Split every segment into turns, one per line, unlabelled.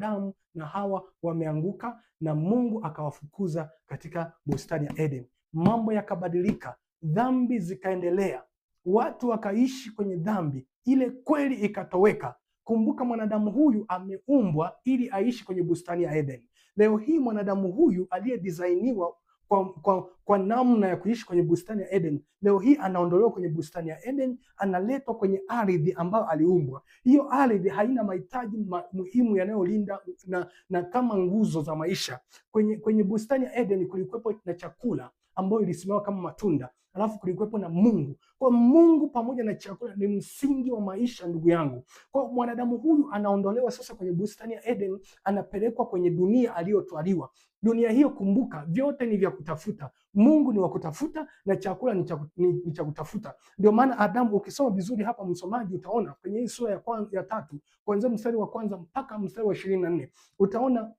Adamu na Hawa wameanguka na Mungu akawafukuza katika bustani ya Eden. Mambo yakabadilika, dhambi zikaendelea, watu wakaishi kwenye dhambi, ile kweli ikatoweka. Kumbuka, mwanadamu huyu ameumbwa ili aishi kwenye bustani ya Eden. Leo hii mwanadamu huyu aliyedisainiwa kwa, kwa, kwa namna ya kuishi kwenye bustani ya Eden. Leo hii anaondolewa kwenye bustani ya Eden, analetwa kwenye ardhi ambayo aliumbwa. Hiyo ardhi haina mahitaji ma, muhimu yanayolinda na, na kama nguzo za maisha. Kwenye, kwenye bustani ya Eden kulikuwepo na chakula ambayo ilisimama kama matunda, alafu kulikuwepo na Mungu. Kwa Mungu pamoja na chakula ni msingi wa maisha, ndugu yangu. Kwa mwanadamu huyu anaondolewa sasa kwenye bustani ya Eden, anapelekwa kwenye dunia aliyotwaliwa. Dunia hiyo, kumbuka, vyote ni vya kutafuta. Mungu ni wa kutafuta na chakula ni cha kutafuta. Ndio maana Adamu, ukisoma vizuri hapa, msomaji, utaona kwenye hii sura ya kwanza, ya tatu kuanzia mstari wa kwanza mpaka mstari wa ishirini na nne utaona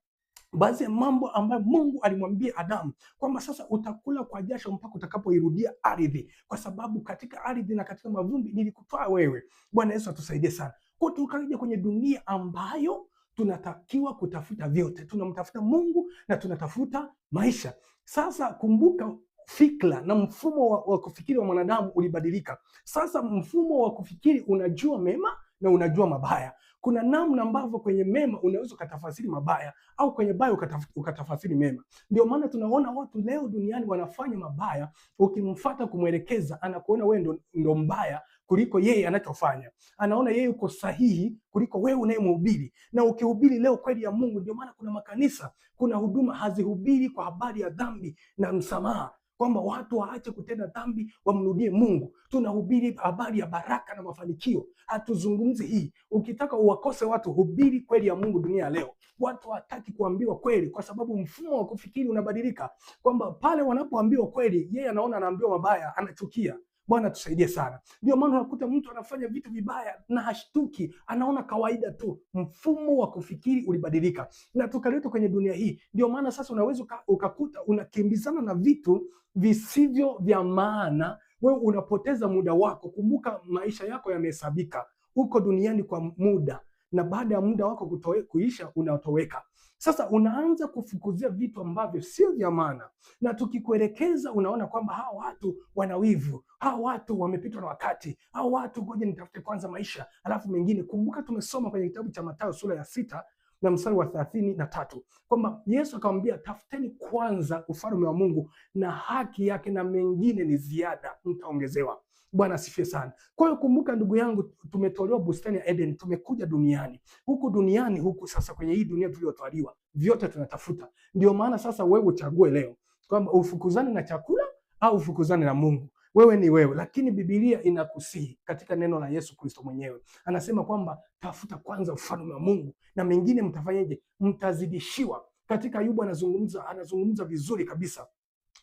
baadhi ya mambo ambayo Mungu alimwambia Adamu kwamba sasa utakula kwa jasho mpaka utakapoirudia ardhi, kwa sababu katika ardhi na katika mavumbi nilikutoa wewe. Bwana Yesu atusaidie sana. Kwa tukarejea kwenye dunia ambayo tunatakiwa kutafuta vyote, tunamtafuta Mungu na tunatafuta maisha. Sasa kumbuka fikra na mfumo wa, wa kufikiri wa mwanadamu ulibadilika. Sasa mfumo wa kufikiri unajua mema na unajua mabaya. Kuna namna ambavyo kwenye mema unaweza ukatafasiri mabaya au kwenye baya ukatafasiri mema. Ndio maana tunaona watu leo duniani wanafanya mabaya, ukimfata kumwelekeza anakuona wewe ndo, ndo mbaya kuliko yeye anachofanya. Anaona yeye uko sahihi kuliko wewe unayemhubiri. Na ukihubiri leo kweli ya Mungu, ndio maana kuna makanisa, kuna huduma hazihubiri kwa habari ya dhambi na msamaha kwamba watu waache kutenda dhambi wamrudie Mungu. Tunahubiri habari ya baraka na mafanikio, hatuzungumzi hii. Ukitaka uwakose watu, hubiri kweli ya Mungu dunia leo. Watu hawataki kuambiwa kweli, kwa sababu mfumo wa kufikiri unabadilika, kwamba pale wanapoambiwa kweli, yeye anaona anaambiwa mabaya, anachukia. Bwana tusaidie sana. Ndio maana unakuta mtu anafanya vitu vibaya na hashtuki, anaona kawaida tu. Mfumo wa kufikiri ulibadilika na tukaletwa kwenye dunia hii. Ndio maana sasa unaweza ukakuta unakimbizana na vitu visivyo vya maana, wewe unapoteza muda wako. Kumbuka, maisha yako yamehesabika, uko duniani kwa muda na baada ya muda wako kutoe, kuisha unatoweka Sasa unaanza kufukuzia vitu ambavyo sio vya maana, na tukikuelekeza unaona kwamba hawa watu wana wivu, hawa watu wamepitwa na wakati, hawa watu ngoja nitafute kwanza maisha alafu mengine. Kumbuka tumesoma kwenye kitabu cha Mathayo sura ya sita na mstari wa thelathini na tatu kwamba Yesu akamwambia, tafuteni kwanza ufalme wa Mungu na haki yake, na mengine ni ziada mtaongezewa. Bwana asifiwe sana. Kwa hiyo kumbuka, ndugu yangu, tumetolewa bustani ya Eden, tumekuja duniani huku duniani huku sasa, kwenye hii dunia tuliyotwaliwa, vyote tunatafuta. Ndio maana sasa wewe uchague leo kwamba ufukuzane na chakula au ufukuzane na Mungu. Wewe ni wewe, lakini Biblia inakusihi katika neno la Yesu Kristo mwenyewe, anasema kwamba tafuta kwanza ufalme wa Mungu na mengine mtafanyaje? Mtazidishiwa. Katika Ayubu anazungumza, anazungumza vizuri kabisa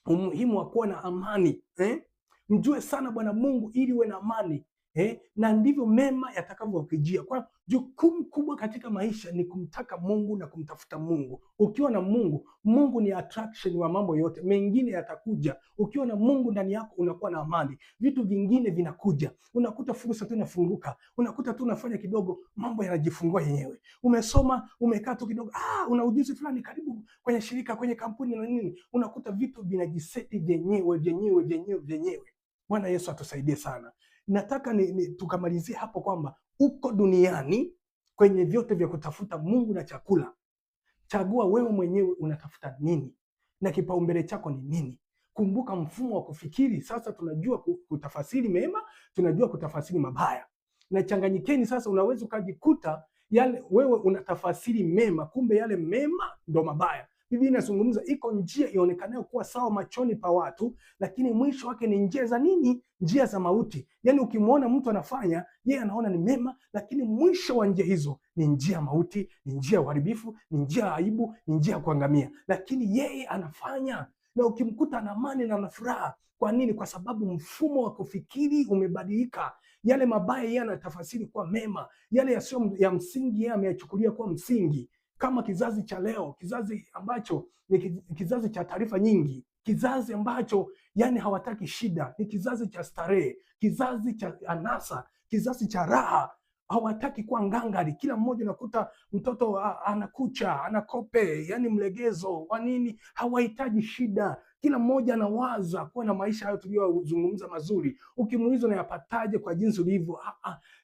umuhimu wa kuwa na amani eh? Mjue sana Bwana Mungu ili uwe na amani eh, na ndivyo mema yatakavyokujia. Kwa jukumu kubwa katika maisha ni kumtaka Mungu na kumtafuta Mungu. Ukiwa na Mungu, Mungu ni attraction wa mambo yote, mengine yatakuja. Ukiwa na Mungu ndani yako unakuwa na amani, vitu vingine vinakuja. Unakuta fursa tu inafunguka, unakuta tu unafanya kidogo, mambo yanajifungua yenyewe. Umesoma, umekaa tu kidogo, ah, una ujuzi fulani, karibu kwenye shirika, kwenye kampuni na nini, unakuta vitu vinajiseti vyenyewe vyenyewe vyenyewe vyenyewe. Bwana Yesu atusaidie sana. Nataka ni, ni, tukamalizie hapo kwamba uko duniani kwenye vyote vya kutafuta Mungu na chakula, chagua wewe mwenyewe unatafuta nini na kipaumbele chako ni nini. Kumbuka mfumo wa kufikiri sasa. Tunajua kutafasiri mema, tunajua kutafasiri mabaya na changanyikeni sasa. Unaweza ukajikuta yale wewe unatafasiri mema, kumbe yale mema ndo mabaya. Biblia inazungumza iko njia ionekanayo kuwa sawa machoni pa watu, lakini mwisho wake ni njia za nini? Njia za mauti. Yaani ukimwona mtu anafanya, yeye anaona ni mema, lakini mwisho wa njia hizo ni njia ya mauti, ni njia ya uharibifu, ni njia ya aibu, ni njia ya kuangamia, lakini yeye anafanya na ukimkuta na amani na na furaha. Kwa nini? Kwa sababu mfumo wa kufikiri umebadilika. Yale mabaya yeye anatafasiri kuwa mema, yale yasiyo ya msingi yeye ameyachukulia kuwa msingi kama kizazi cha leo, kizazi ambacho ni kizazi cha taarifa nyingi, kizazi ambacho yani hawataki shida, ni kizazi cha starehe, kizazi cha anasa, kizazi cha raha hawataki kuwa ngangari. Kila mmoja unakuta mtoto anakucha anakope, yani mlegezo Kwa nini, hawahitaji shida. Kila mmoja anawaza kuwa na maisha hayo tuliyozungumza mazuri. Ukimuuliza unayapataje kwa jinsi ulivyo,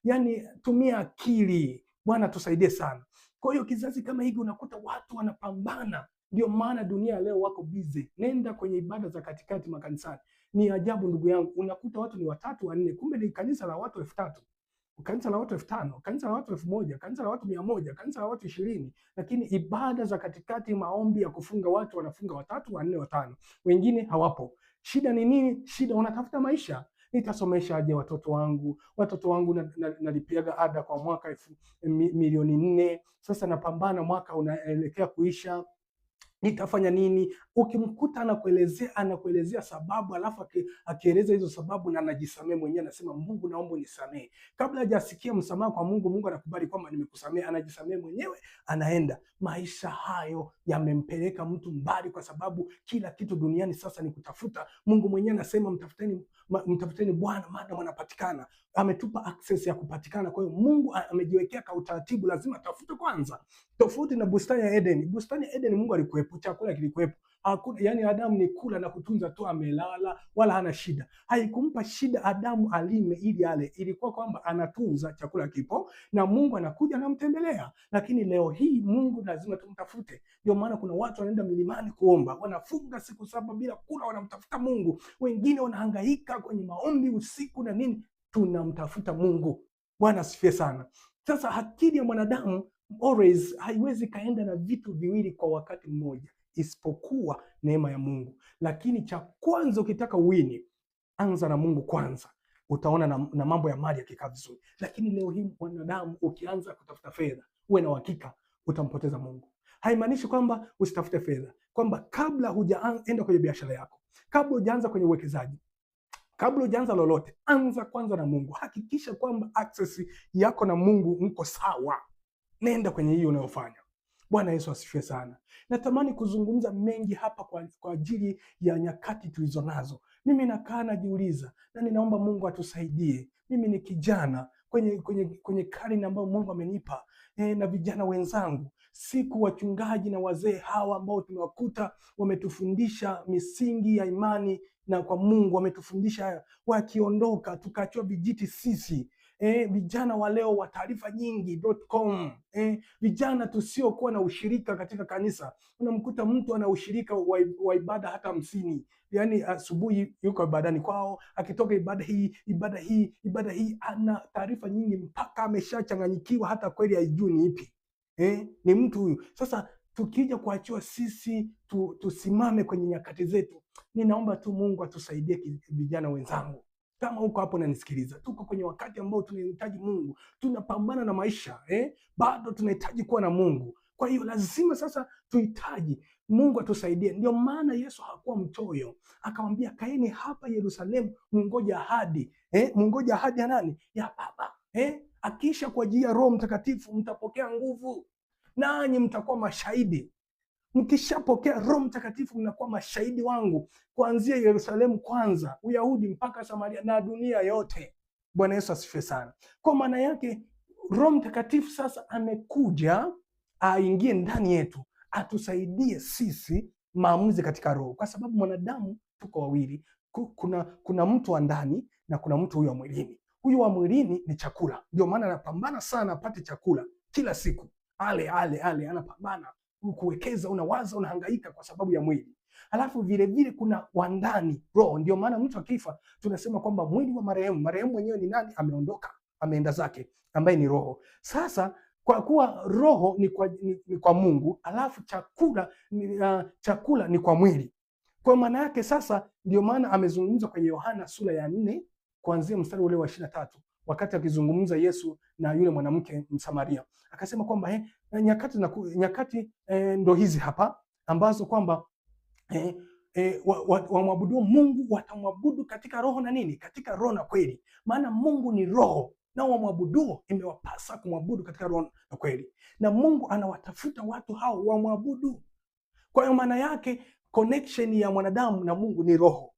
yani tumia akili. Bwana tusaidie sana. Kwa hiyo kizazi kama hiki unakuta watu wanapambana, ndio maana dunia leo wako busy. Nenda kwenye ibada za katikati makanisani, ni ajabu ndugu yangu, unakuta watu ni watatu wanne, kumbe ni kanisa la watu elfu tatu kanisa la watu elfu tano kanisa la watu elfu moja kanisa la watu mia moja kanisa la watu ishirini Lakini ibada za katikati, maombi ya kufunga, watu wanafunga watatu, wanne, watano, wengine hawapo. Shida ni nini? Shida unatafuta maisha nitasomeshaje watoto wangu? Watoto wangu nalipiaga na, na ada kwa mwaka elfu milioni nne, sasa napambana, mwaka unaelekea kuisha nitafanya nini? Ukimkuta anakuelezea anakuelezea sababu, alafu akieleza hizo sababu na anajisamee mwenyewe, anasema Mungu, naomba unisamee. Kabla hajasikia msamaha kwa Mungu, Mungu anakubali kwamba nimekusamea, anajisamee mwenyewe, anaenda. Maisha hayo yamempeleka mtu mbali, kwa sababu kila kitu duniani sasa ni kutafuta. Mungu mwenyewe anasema mtafuteni mtafuteni Bwana madamu anapatikana, ametupa access ya kupatikana. Kwa hiyo Mungu amejiwekea ka utaratibu, lazima tafute kwanza, tofauti na bustani ya eden Bustani ya Edeni Mungu alikuwepo, chakula kilikuwepo Hakuna, yani Adamu ni kula na kutunza tu, amelala wala hana shida. Haikumpa shida Adamu alime ili ale, ilikuwa kwamba anatunza chakula kipo na Mungu anakuja anamtembelea. Lakini leo hii Mungu lazima tumtafute. Ndio maana kuna watu wanaenda milimani kuomba, wanafunga siku saba bila kula, wanamtafuta Mungu. Wengine wanahangaika kwenye maombi usiku na nini, tunamtafuta Mungu. Bwana asifiwe sana. Sasa akili ya mwanadamu always haiwezi kaenda na vitu viwili kwa wakati mmoja isipokuwa neema ya Mungu. Lakini cha kwanza ukitaka uwini, anza na Mungu kwanza, utaona na, na mambo ya mali yakikaa vizuri. Lakini leo hii mwanadamu ukianza kutafuta fedha, uwe na uhakika utampoteza Mungu. Haimaanishi kwamba usitafute fedha, kwamba kabla hujaenda kwenye biashara yako, kabla hujaanza kwenye uwekezaji kabla hujaanza lolote, anza kwanza na Mungu. Hakikisha kwamba access yako na Mungu mko sawa, nenda kwenye hiyo unayofanya. Bwana Yesu asifiwe sana. Natamani kuzungumza mengi hapa kwa, kwa ajili ya nyakati tulizo nazo. Mimi nakaa najiuliza, na ninaomba Mungu atusaidie. Mimi ni kijana kwenye, kwenye, kwenye karne ambayo Mungu amenipa e, na vijana wenzangu siku wachungaji na wazee hawa ambao tumewakuta wametufundisha misingi ya imani na kwa Mungu wametufundisha, wakiondoka tukachua vijiti sisi eh, vijana wa leo wa taarifa nyingi.com eh, vijana tusiokuwa na ushirika katika kanisa. Unamkuta mtu ana ushirika wa ibada hata hamsini, yani asubuhi yuko ibadani kwao, akitoka ibada hii ibada hii ibada hii, ana taarifa nyingi mpaka ameshachanganyikiwa hata kweli haijui ni ipi. Eh, ni mtu huyu sasa tukija kuachiwa sisi tu, tusimame kwenye nyakati zetu. Ninaomba tu Mungu atusaidie vijana wenzangu, kama uko hapo unanisikiliza, tuko kwenye wakati ambao tunahitaji Mungu, tunapambana na maisha eh? bado tunahitaji kuwa na Mungu. Kwa hiyo lazima sasa tuhitaji Mungu atusaidie. Ndio maana Yesu hakuwa mchoyo, akamwambia kaeni hapa Yerusalemu mungoja ahadi eh? mungoja ahadi ya nani? Ya Baba eh? akiisha kuajia Roho Mtakatifu mtapokea nguvu, nanyi mtakuwa mashahidi Mkishapokea Roho Mtakatifu mnakuwa mashahidi wangu kuanzia Yerusalemu kwanza, Uyahudi mpaka Samaria na dunia yote. Bwana Yesu asifiwe sana. Kwa maana yake Roho Mtakatifu sasa amekuja aingie ndani yetu atusaidie sisi maamuzi katika roho, kwa sababu mwanadamu tuko wawili, kuna kuna mtu wa ndani na kuna mtu huyu wa mwilini. Huyu wa mwilini ni chakula, ndio maana anapambana sana apate chakula kila siku, ale ale ale, anapambana kuwekeza, unawaza, unahangaika kwa sababu ya mwili. Alafu vilevile kuna wandani roho. Ndio maana mtu akifa tunasema kwamba mwili wa marehemu, marehemu mwenyewe ni nani? Ameondoka, ameenda zake, ambaye ni roho. Sasa kwa kuwa roho ni kwa, ni, ni kwa Mungu, alafu chakula ni, uh, chakula ni kwa mwili. Kwa maana yake sasa, ndio maana amezungumza kwenye Yohana sura ya nne kuanzia mstari ule wa ishirini na tatu wakati akizungumza Yesu na yule mwanamke Msamaria, akasema kwamba eh, nyakati, na, nyakati eh, ndo hizi hapa ambazo kwamba eh, E, eh, wamwabudu wa, wa Mungu watamwabudu katika roho na nini? Katika roho na kweli, maana Mungu ni roho, nao wamwabuduo imewapasa kumwabudu katika roho na kweli, na Mungu anawatafuta watu hao wamwabudu. Kwa hiyo maana yake connection ya mwanadamu na Mungu ni roho.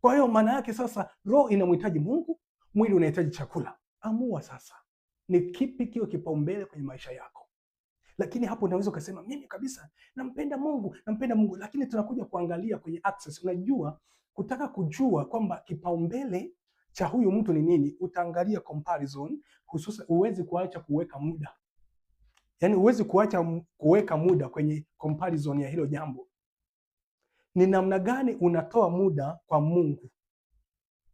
Kwa hiyo maana yake sasa roho inamhitaji Mungu, Mwili unahitaji chakula. Amua sasa ni kipi kiwe kipaumbele kwenye maisha yako. Lakini hapo unaweza ukasema mimi kabisa nampenda Mungu, nampenda Mungu, lakini tunakuja kuangalia kwenye access. Unajua, kutaka kujua kwamba kipaumbele cha huyu mtu ni nini, utaangalia comparison, hususan uwezi kuacha kuweka muda Yaani huwezi kuacha kuweka muda kwenye comparison ya hilo jambo. Ni namna gani unatoa muda kwa Mungu?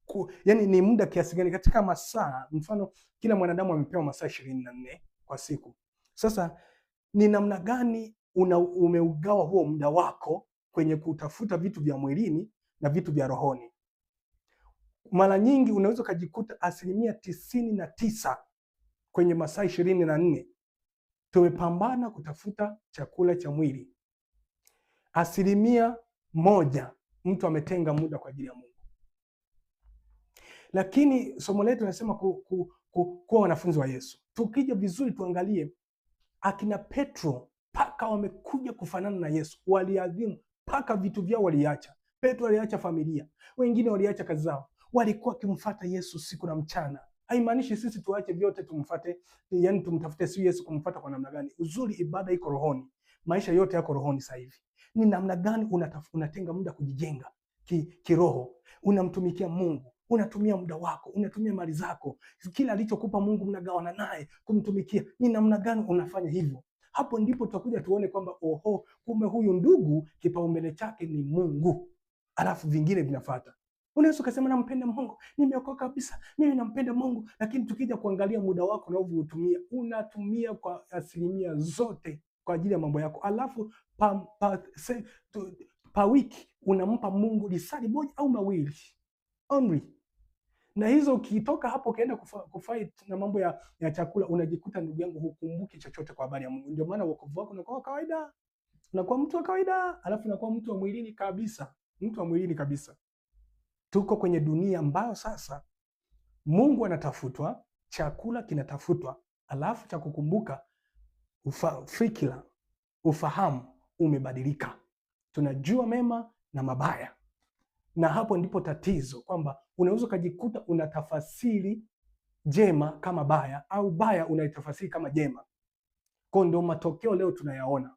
ku, yani ni muda kiasi gani katika masaa, mfano kila mwanadamu amepewa masaa ishirini na nne kwa siku. Sasa ni namna gani una, umeugawa huo muda wako kwenye kutafuta vitu vya mwilini na vitu vya rohoni. Mara nyingi unaweza ukajikuta asilimia tisini na tisa kwenye masaa ishirini na nne tumepambana kutafuta chakula cha mwili, asilimia moja mtu ametenga muda kwa ajili ya Mungu. Lakini somo letu linasema ku, ku, ku, kuwa wanafunzi wa Yesu. Tukija vizuri tuangalie akina Petro mpaka wamekuja kufanana na Yesu, waliadhimu mpaka vitu vyao waliacha. Petro aliacha familia, wengine waliacha kazi zao, walikuwa wakimfuata Yesu siku na mchana. Haimaanishi sisi tuache vyote tumfuate, yani tumtafute si Yesu. Kumfuata kwa namna gani? Uzuri, ibada iko rohoni, maisha yote yako rohoni. Sasa hivi ni namna gani unatenga muda kujijenga kiroho, ki unamtumikia Mungu unatumia muda wako, unatumia mali zako, kila alichokupa Mungu mnagawana naye kumtumikia. Ni namna gani unafanya hivyo? Hapo ndipo tutakuja tuone kwamba oho, kumbe huyu ndugu kipaumbele chake ni Mungu, alafu vingine vinafata. Unaweza ukasema nampenda Mungu, nimeokoka kabisa, mimi nampenda Mungu, lakini tukija kuangalia muda wako unaoutumia, unatumia kwa asilimia zote kwa ajili ya mambo yako, alafu pa, pa, se, tu, pa wiki unampa Mungu lisali moja au mawili only na hizo ukitoka hapo ukaenda kufight na mambo ya, ya chakula unajikuta ndugu yangu hukumbuki chochote kwa habari ya Mungu. Ndio maana wokovu wako unakuwa kawaida, unakuwa mtu wa kawaida, alafu unakuwa mtu wa mwilini kabisa, mtu wa mwilini kabisa. Tuko kwenye dunia ambayo sasa Mungu anatafutwa, chakula kinatafutwa, alafu cha kukumbuka ufa, fikira, ufahamu umebadilika. Tunajua mema na mabaya na hapo ndipo tatizo kwamba unaweza ukajikuta unatafasiri jema kama baya au baya unaitafasiri kama jema. Kwa ndio matokeo leo tunayaona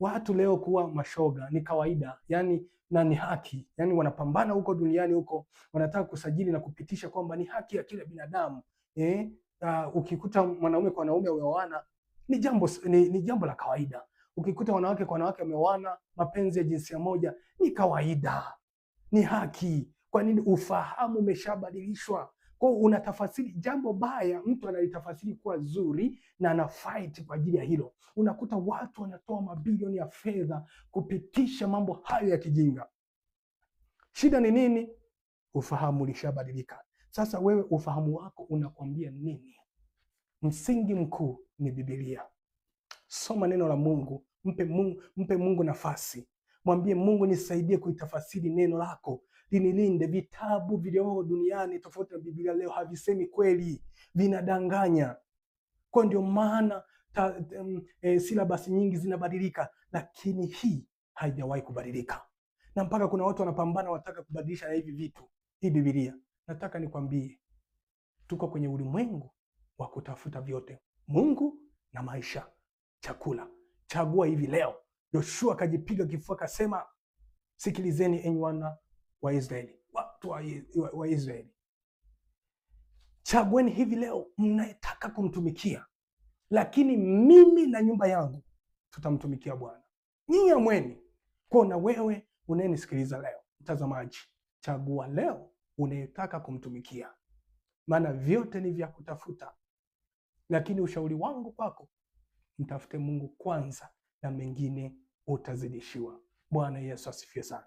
watu leo kuwa mashoga ni kawaida, yani na ni haki, yani wanapambana huko duniani huko, wanataka kusajili na kupitisha kwamba ni haki ya kila binadamu eh. Uh, ukikuta mwanaume kwa wanaume wameoana ni jambo ni, ni jambo la kawaida. Ukikuta wanawake kwa wanawake wameoana, mapenzi ya jinsia moja ni kawaida ni haki. Kwa nini? Ufahamu umeshabadilishwa kwao, unatafasiri jambo baya, mtu analitafasiri kuwa zuri na ana fight kwa ajili ya hilo. Unakuta watu wanatoa mabilioni ya fedha kupitisha mambo hayo ya kijinga. Shida ni nini? Ufahamu ulishabadilika. Sasa wewe ufahamu wako unakwambia nini? Msingi mkuu ni Biblia. Soma neno la Mungu, mpe Mungu, mpe Mungu nafasi. Mwambie Mungu, nisaidie kuitafasiri neno lako, linilinde. Vitabu vilivyo duniani tofauti na Biblia leo havisemi kweli, vinadanganya. Kwa ndio maana um, e, silabasi nyingi zinabadilika, lakini hii haijawahi kubadilika, na mpaka kuna watu wanapambana, wataka kubadilisha na hivi vitu, hii Biblia. Nataka nikwambie, tuko kwenye ulimwengu wa kutafuta vyote, Mungu na maisha, chakula. Chagua hivi leo. Yoshua akajipiga kifua akasema, sikilizeni enyi wana wa Israeli, watu wa, wa, wa Israeli, chagueni hivi leo mnayetaka kumtumikia, lakini mimi na nyumba yangu tutamtumikia Bwana. Nyinyi amweni kwao. Na wewe unayenisikiliza leo, mtazamaji, chagua leo unayetaka kumtumikia, maana vyote ni vya kutafuta, lakini ushauri wangu kwako, mtafute Mungu kwanza na mengine utazidishiwa. Bwana Yesu asifiwe sana.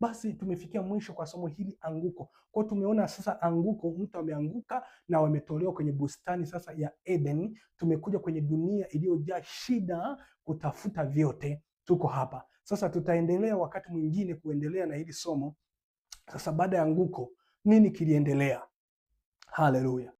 Basi tumefikia mwisho kwa somo hili anguko. Kwa tumeona sasa anguko, mtu ameanguka na wametolewa kwenye bustani sasa ya Eden. Tumekuja kwenye dunia iliyojaa shida kutafuta vyote, tuko hapa sasa. Tutaendelea wakati mwingine kuendelea na hili somo sasa. Baada ya anguko nini kiliendelea? Haleluya!